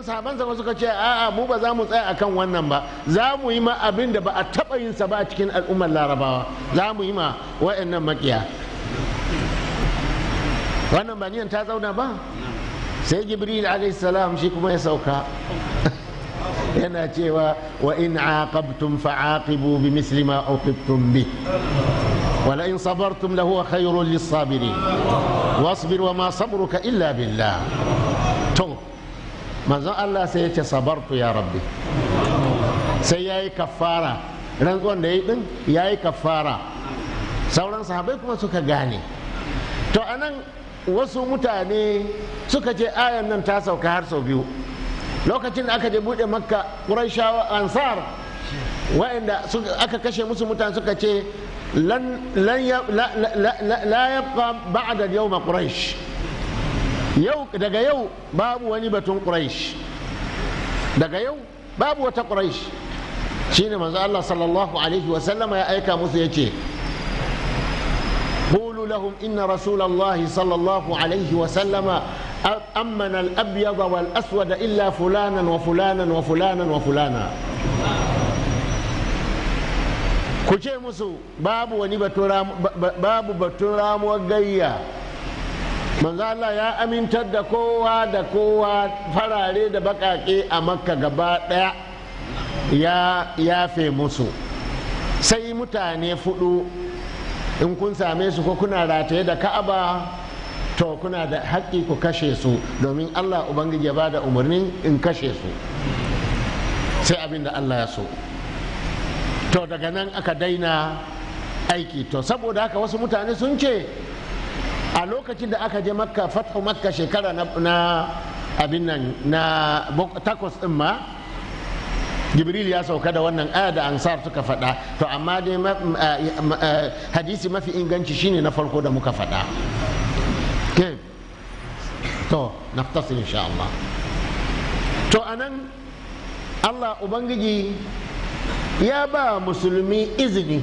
sahabansa ba suka ce a a mu ba za mu tsaya akan wannan ba za mu yi ma abin da ba a taba yin sa ba a cikin al'ummar larabawa za mu yi ma wa'annan makiya wannan ba niyan ta zauna ba sai jibril alayhi salam shi kuma ya sauka yana cewa wa in aqabtum fa aqibu bi misli ma uqibtum bi wa la in sabartum lahu khayrun lis-sabirin wasbir wa ma sabruka illa billah manzon Allah sai ya ce sabartu ya rabbi sai ya yi kafara rantsuwan da ya yi din ya yi kafara sauran sahabai kuma suka gane to anan wasu mutane suka ce ayan nan ta sauka har sau biyu lokacin da aka je buɗe makka ƙuraishawa ansar wa'inda aka kashe musu mutane suka ce lan la yabqa ba'da yawma quraish yau daga yau babu wani batun quraish daga yau babu wata quraish shine manzo Allah sallallahu alaihi wa sallama ya aika musu yace قولوا لهم إن رسول الله صلى الله عليه وسلم أمن الأبيض والأسود إلا فلانا وفلانا وفلانا وفلانا كجي مسو باب وني باب بترام وغيّا manzo Allah ya amintar da kowa da kowa farare da bakake a makka gaba daya ya yafe musu sai mutane fudu in kun same su ko kuna rataye da ka'aba to kuna da haƙƙi ku kashe su domin Allah ubangiji ya ba da umarnin in kashe su sai abinda Allah ya so to daga nan aka daina aiki to saboda haka wasu mutane sun ce a lokacin da aka je makka fathu makka shekara na abin nan na takwas din ma jibril ya sauka da wannan aya da ansar suka faɗa to amma dai hadisi mafi inganci shine na farko da muka faɗa to naftasir insha Allah to anan Allah ubangiji ya ba musulmi izini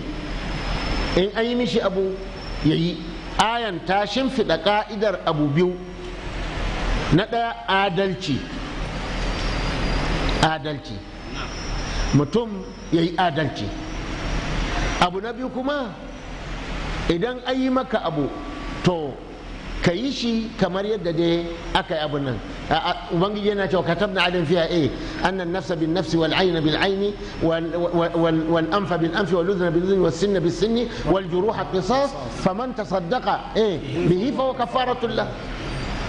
in an mishi abu ya yi ayan ta shimfiɗa ƙa'idar abu biyu na ɗaya adalci adalci mutum ya yi adalci abu na biyu kuma idan an yi maka abu to ka yi shi kamar yadda dai aka yi abin nan ubangiji yana cewa katab na adam fiya a eh, annan nafsa bin nafsi wal aina bil aini wal anfa bil anfi wal udhna bil udhni was sinna bis sinni wal juruha qisas faman tasaddaqa eh bihi fa kafaratun lah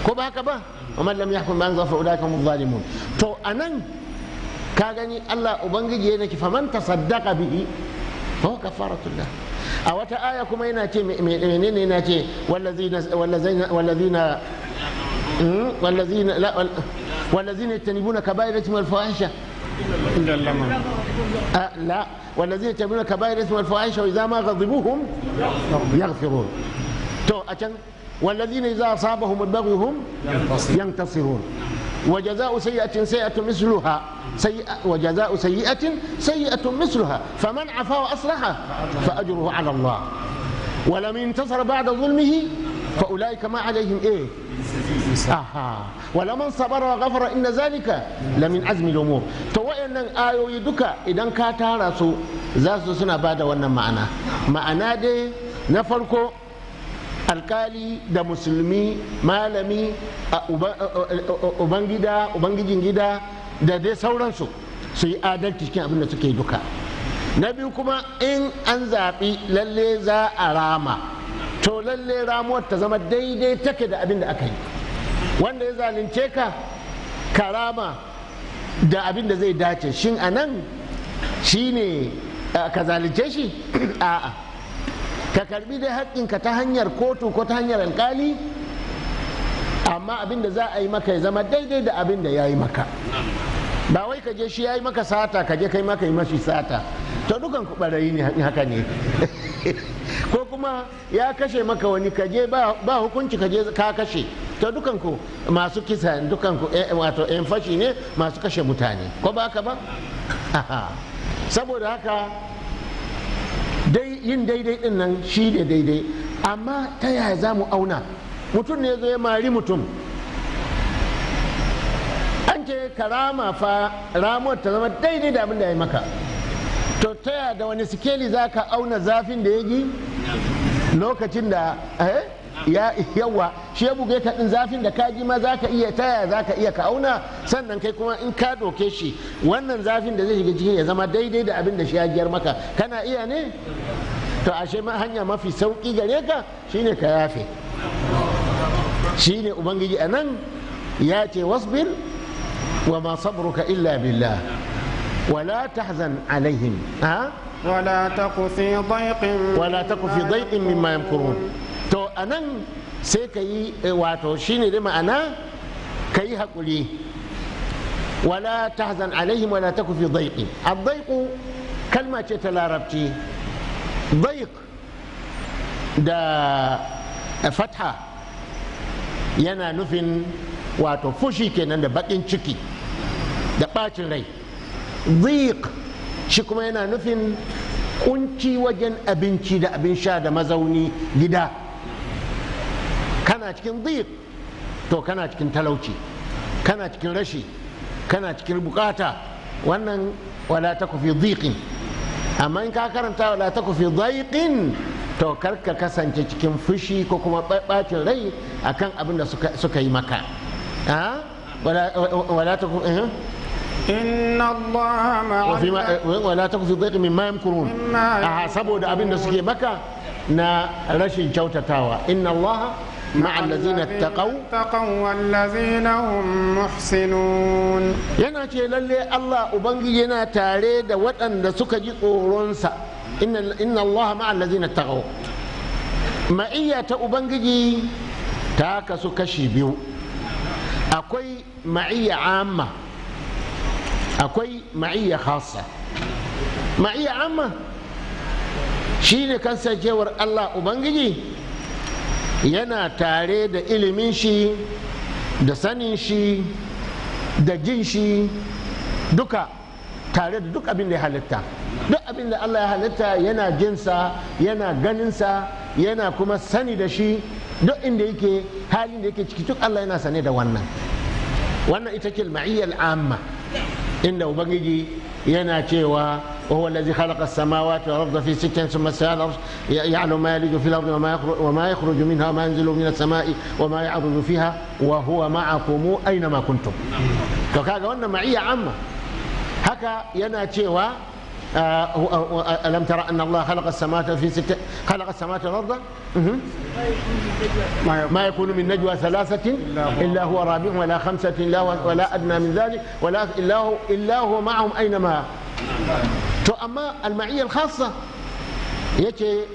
ko ba haka ba amma lam yahkum bi anzafa ulaika hum zalimun to anan ka gani Allah ubangiji yana ki faman tasaddaqa bihi fa fara lah a wata aya kuma yana ce menene yana ce wallazina wallazina tanibuna kaba'ir ismi al إلا اللمم لا والذين يتبعون كبائر اسم الفواحش وإذا ما غضبوهم يغفرون تو أتن والذين إذا أصابهم البغي هم ينتصرون وجزاء سيئة سيئة مثلها سيئة وجزاء سيئة سيئة مثلها فمن عفا وأصلح فأجره على الله ولم ينتصر بعد ظلمه فأولئك ما عليهم إيه أها ولمن صبر وغفر إن ذلك لمن عزم الأمور توين أن آيو يدك إذا كاتا رسو ذاس سنة بعد ونا معنا معنا دي نفركو alkali da musulmi malami ubangijin gida da dai sauransu su yi adalci cikin abin da suke duka na biyu kuma in an zaɓi lalle za a rama to lalle ramuwar ta zama daidai take da abin da aka yi wanda ya zalunce ka ka rama da abin da zai dace shin anan nan shi ne ka zalunce shi a'a ka karbi dai ka ta hanyar kotu ko ta hanyar alkali amma abin da za a yi maka ya zama daidai da abin da ya yi maka ba wai ka je shi ya yi maka sata ka je kai maka yi mashi sata to dukan ku barayi ne haka ne ko kuma ya kashe maka wani ka je ba hukunci ka je ka kashe to dukan ku masu kisa dukan ku eh, wato yan fashi ne masu kashe mutane ko ba ka ba saboda haka yin daidai din nan shi ne daidai amma ta yaya za mu auna mutum ne zo ya mari mutum an ce ka fa ramuwar ta zama daidai da abin da ya yi maka to ta yaya da wani sikeli za ka auna zafin da ya gi lokacin da eh ya yawa shi ya buge ka din zafin da ka ji ma zaka iya taya zaka iya ka auna sannan kai kuma in ka doke shi wannan zafin da zai shiga ciki ya zama daidai da abin da shi ya giyar maka kana iya ne to ashe ma hanya mafi sauki gare ka shine ka yafe shine ubangiji anan ya ce wasbir wa ma sabruka illa billah wala tahzan alaihim ha ولا تك في ضيق ولا تك في ضيق مما يمكرون to a nan sai ka yi eh, wato shine ne ma'ana ka yi haƙuri wala tahzan alaihim wala ta kufi zaiƙi a kalma ce ta larabci daiq da fatha yana nufin wato fushi kenan da baƙin ciki da ɓacin rai ziq shi kuma yana nufin kunci wajen abinci da abin sha da mazauni gida kana cikin dhiq to kana cikin talauci kana cikin rashi kana cikin bukata wannan wala taku fi dhiqin amma in ka karanta wala taku fi dhaiqin to karka kasance cikin fushi ko kuma bacin rai akan abin da suka yi maka wala taku إن الله مع وفيما ولا تكن في ضيق مما يمكرون أها abin da suke maka na rashin kyautatawa inna Allah مع الذين اتقوا yana ce lalle Allah ubangiji yana tare da waɗanda suka ji tsoronsa inna Allah ma'a allazina taqaw ma'iyya ta ubangiji ta kasu kashi biyu akwai ma'iyya amma akwai ma'iyya khassa ma'iyya amma shine kasancewar Allah ubangiji yana tare da ilimin shi da sanin shi da jin shi duka tare da duk abin da ya halitta duk abin da Allah ya halitta yana jinsa yana ganinsa yana kuma sani da shi duk inda yake halin da yake ciki duk Allah yana sane da wannan wannan ita ce ma'iyyar amma inda ubangiji yana cewa وهو الذي خلق السماوات والأرض في ستة ثم استوى الأرض يعلم ما يلج في الأرض وما يخرج, وما يخرج منها وما ينزل من السماء وما يعرض فيها وهو معكم أينما كنتم to kaga معي عامه. هكا ينا تشيوا آه الم ترى ان الله خلق السماوات في ستة خلق السماوات والارض ما يكون من نجوى ثلاثة إلا هو رابع ولا خمسة لا ولا أدنى من ذلك ولا إلا هو إلا هو معهم أينما to amma alma'iyar khassa ya ce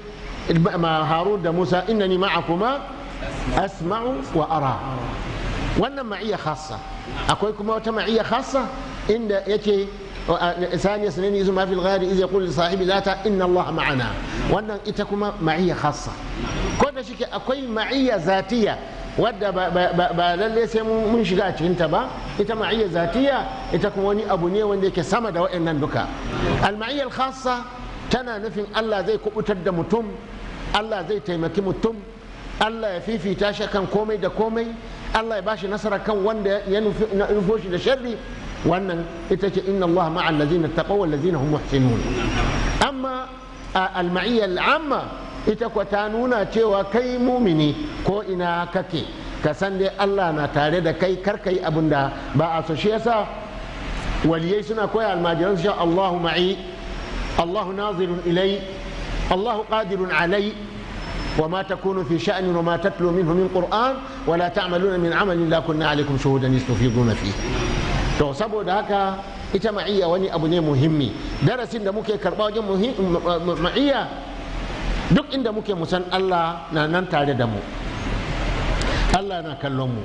harun da musa innani kuma asma'u wa ara wannan ma'iyya khassa akwai kuma wata ma'iyya khassa inda yake ثانية سنين يسمى في الغار إذ يقول لصاحبي لا إن الله معنا وأن إتكما معية خاصة كل شيء أكوي معية ذاتية wadda ba lalle sai mun shiga a cikinta ba ita ma'iyyar zatiya ita kuma wani abu ne wanda yake sama da waɗannan duka Al-ma'iyyar khassa tana nufin allah zai kubutar da mutum allah zai taimaki mutum allah ya fifita shi kan komai da komai allah ya bashi nasara kan wanda ya nufo shi da sharri wannan ita ce inna allah ma'a allazina taqaw wallazina hum muhsinun amma al maiyyar amma ita kuwa ta nuna cewa kai mumini ko ina kake ka san dai allah na tare da kai kar kai yi abin da ba a so shi yasa waliyai suna koya almajiran sha allahu ma'i allahu nazirun ilai allahu qadirun alai وما تكون في شأن وما تتلو منه من قرآن ولا تعملون من عمل لا كنا عليكم شهودا يستفيضون فيه to saboda haka ita ma'iyya wani abu ne muhimmi darasin da muke karɓa wajen ma'iyya duk inda muke musan allah na nan tare da mu allah na kallon mu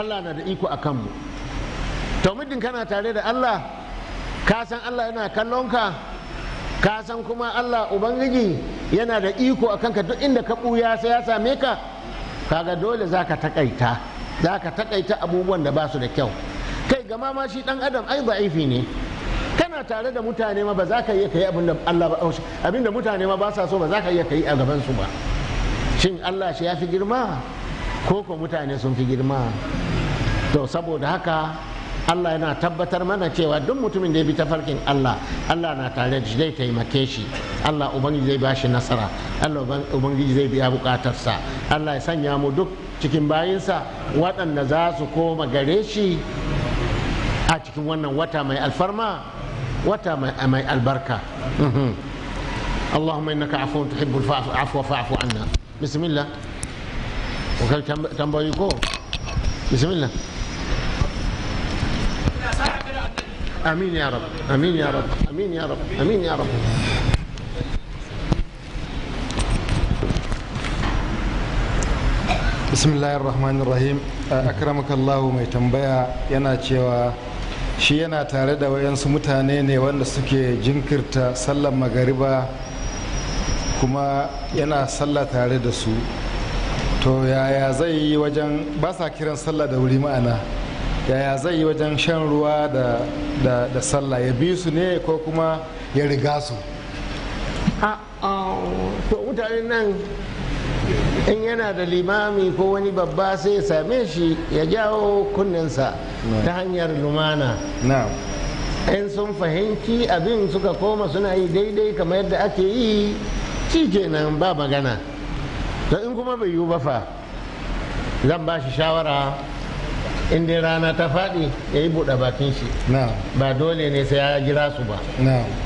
allah na da iko a kanmu to muddin kana tare da allah ka san allah yana kallon ka ka san kuma allah ubangiji yana da iko a kanka duk inda ka buya sai ya same ka kaga dole zaka takaita zaka takaita abubuwan da ba su da kyau kai gama ma shi ɗan adam ai za'ifi ne kana tare da mutane ma ba za ka iya kai abin mutane ma ba sa so ba za ka iya kai a gaban su ba shin Allah shi ya fi girma ko ko mutane sun fi girma to saboda haka Allah yana tabbatar mana cewa duk mutumin da ya bi tafarkin Allah Allah na tare da shi zai taimake shi Allah ubangiji zai bashi nasara Allah ubangiji zai biya bukatarsa Allah ya sanya mu duk cikin bayinsa waɗanda za su koma gare shi a cikin wannan wata mai alfarma وتا أمي البركة اللهم إنك عفو تحب العفو فاعف عنا بسم الله وكل تنبويكو بسم الله أمين يا رب أمين يا رب أمين يا رب أمين يا رب بسم الله الرحمن الرحيم أكرمك الله ما يتنبأ ينا و shi yana tare da wayansu mutane ne wanda suke jinkirta sallar magariba kuma yana sallah tare da su to yaya zai yi wajen ba sa kiran sallah da wuri ma'ana yaya zai yi wajen shan ruwa da, da, sallah ya bi su ne ko kuma ya riga su ah, um, to mutane nan in yana da limami ko wani babba sai ya same shi ya jawo kunninsa ta hanyar lumana in sun fahimci abin suka koma suna yi daidai kamar yadda ake yi ci kenan ba magana to in kuma bai yiwu ba fa zan ba shi shawara in dai rana ta faɗi ya yi buɗe bakin shi ba dole ne sai ya jira su ba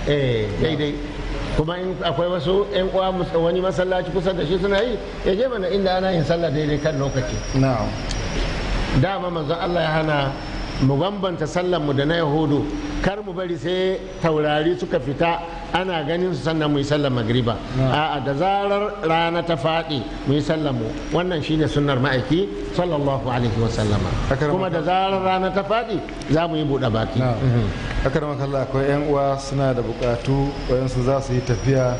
eh, daidai kuma in akwai wasu yan uwa wani masallaci kusa da shi suna yi ya je mana inda ana yin sallah daidai kan lokaci dama manzon Allah ya hana mu bambanta sallar mu da na yahudu kar mu bari sai taurari suka fita ana ganin su sannan mu yi sallar magriba a'a da zarar rana ta faɗi mu yi sallar mu wannan shine sunnar ma'aiki sallallahu alaihi wasallama kuma da zarar rana ta faɗi za mu yi buɗe baki akwai makalla akwai 'yan uwa suna da bukatu wayansu za su yi tafiya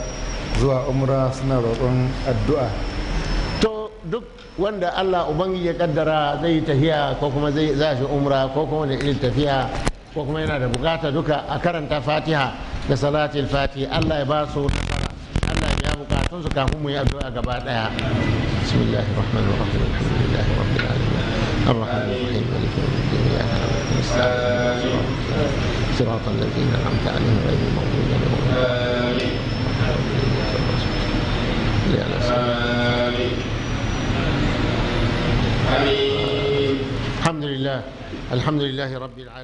zuwa umra suna roƙon addu'a to duk wanda allah ubangiji ya kaddara zai yi tafiya ko kuma zai za shi umra ko kuma da irin tafiya ko kuma yana da bukata duka a karanta fatiha da salatul fatiha allah ya ba su allah ya bukatun su kafin mu yi addu'a gaba daya bismillahir rahmanir rahim alhamdulillahi rabbil صراط الذين أنعمت عليهم غير المغضوب عليهم آمين آمين الحمد لله الحمد لله رب العالمين